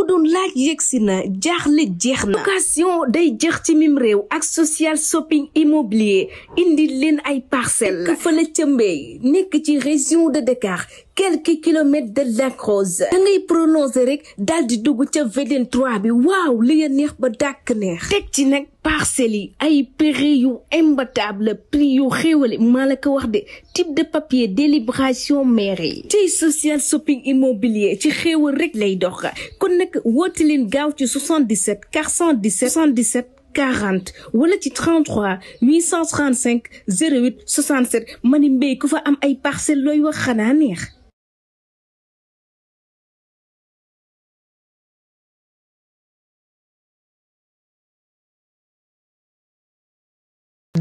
ko doon laaj yëgsi na jaaxle jeex na location day jeex ci mim réew ak social shopping immobilier indi leen ay parcelles ka fa la cëmbee nekk ci région de Dakar quelques kilomètres de Lac Rose Quand ngay prononcer rek daal di dugg ca VDN 3 bi waaw li nga neex ba dak neex tek ci nak parcelle ay prix yu imbattable prix yu xéewale malaka wax de type de papier délibération mairie. ci social shopping immobilier ci xéewal rek lay dox kon nak woote leen gaaw ci 77 417 77 40 wala ci 33 835 08 67 mani mbéy ku fa am ay parcelle loy wax neex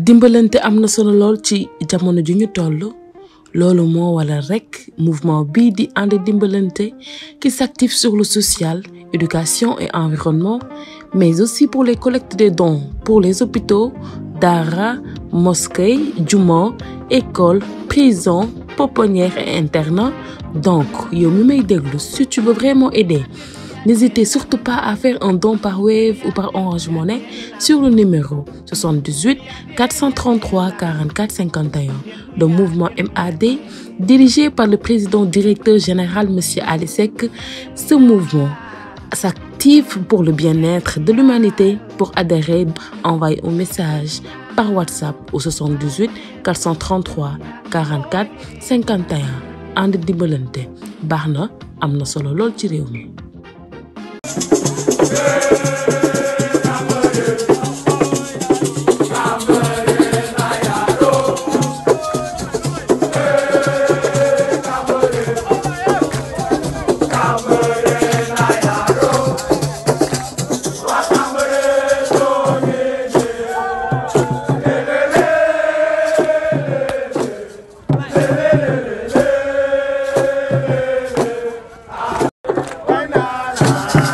dimbalante amna solo ci jamono ju ñu wala mouvement bidi di ande qui s'active sur le social éducation et environnement mais aussi pour les collectes de dons pour les hôpitaux d'ara, mosquée djuma école prison pouponnière et internats. donc yo mi may si tu veux vraiment aider N'hésitez surtout pas à faire un don par Wave ou par Orange monnaie sur le numéro 78 433 44 51 Le mouvement MAD dirigé par le président directeur général M. Alisek. Ce mouvement s'active pour le bien-être de l'humanité. Pour adhérer, envoyez un message par WhatsApp au 78 433 44 51 Ande Dibolente, Amna solo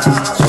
Thank you.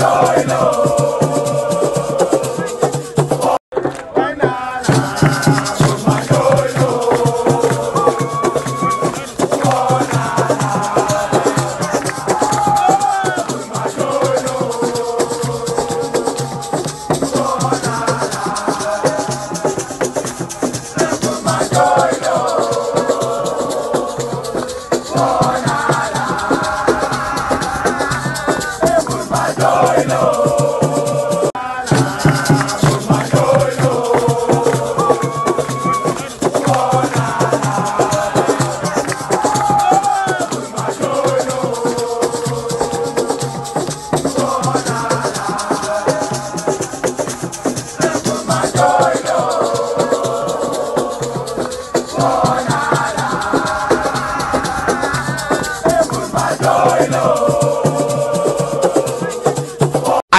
d o i n o know.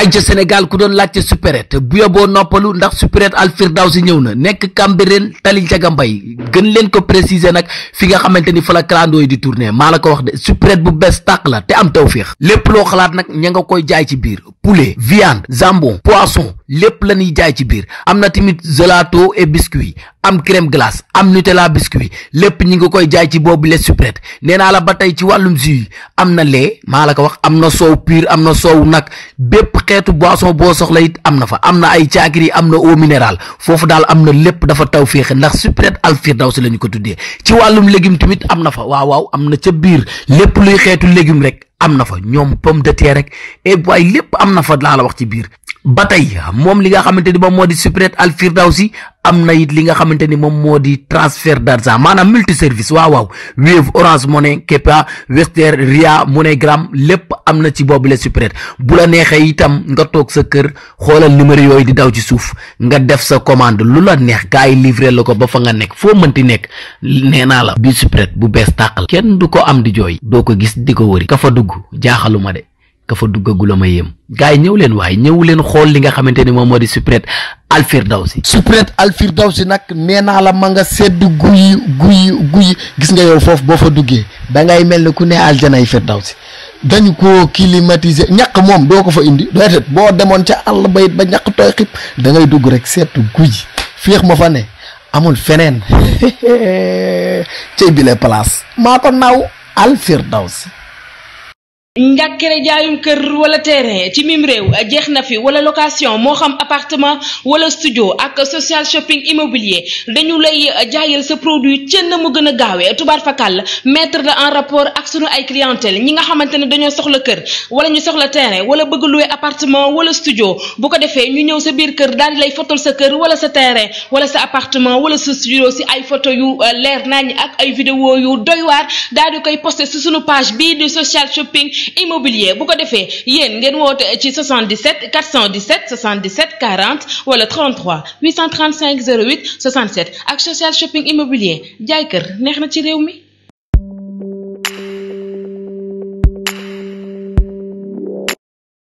ay ca Sénégal ku doon laajte supérette bu yoboo noppalu ndax supérette si ñëw na nekk Cambérène tali Njaga Mbay gën leen ko préciser nag fi nga xamante ni fa la clando di tourner maa la ko wax de supérette bu bees tàq la te am tawféex lépp loo xalaat nag ñu nga koy jaay ci biir poulet viande jambon poisson les la ñuy jaay ci biir Amna timit gelato et biscuit am crème glace am nutella biscuit lepp ñi koy jaay ci bobu les supprette Néna la batay ci walum jus amna am lait wax am na pur am na soow nag bépp boisson boo soxla it amna na fa am ay caakiri am eau minérale Fofu dal am na dafa taw ndax supprette al firdaus lañ ko tuddé. ci walum légume timit am fa waaw waaw am na biir luy xétu légume rek am na fa ñoom pomme de terre rek et eh, lépp am na fa laa la wax ci biir batay Mom li nga xamanteni mom modi supret al Firdausi. amna yit li nga xamanteni mom modi transfert d'argent manam multi service waaw waaw wave orange money kepa western ria Monogram lepp Amna ci bobu le supret bu la nexe itam nga tok sa keur xolal numero yoy di daw ci souf nga def sa commande lu la neex gars yi livré ba fa nga nek fo meunti nek neena la bi supret bu bes takal ken du ko am di joy doko gis di wori ka fa dugg jaaxaluma de ka fa gula ma yem gaay ñew leen way ñew leen xol li nga xamanteni ni modi di supret alfirdausi supret alfirdausi nak neena alamanga la ma nga sedd guuy guuy guuy gis nga yow fofu bo fa duggé da ngay melni ku ne aljanay firdawsi dañ ko climatiser ñak mom do ko fa indi tet bo demone ci all bayit ba ñak toy xib da ngay dugg rek sedd guuy fiix ma fa ne amul ci bi le place naw alfirdausi njàkkere jaayum kër wala terrain ci mim réew jeex na fi wala location moo xam appartement wala studio ak social shopping immobilier dañu lay jaayal sa produit cenn mu gën a gaawee tubaar fakal mettre la en rapport ak sunu ay clientèle ñi nga xamante ne dañoo soxla kër wala ñu soxla terrain wala bëgg louer appartement wala studio bu ko defee ñu ñëw sa biir kër daal di lay fotol sa kër wala sa terrain wala sa appartement wala sa studio si ay photo yu euh, leer nañ ak ay vidéo yu doy waar daal di koy posté si sunu page bii di social shopping immobilier beaucoup de faits, Yen, ngeen ci 77 417 77 40 wala 33 835 08 67 ak social shopping immobilier jaay kër ci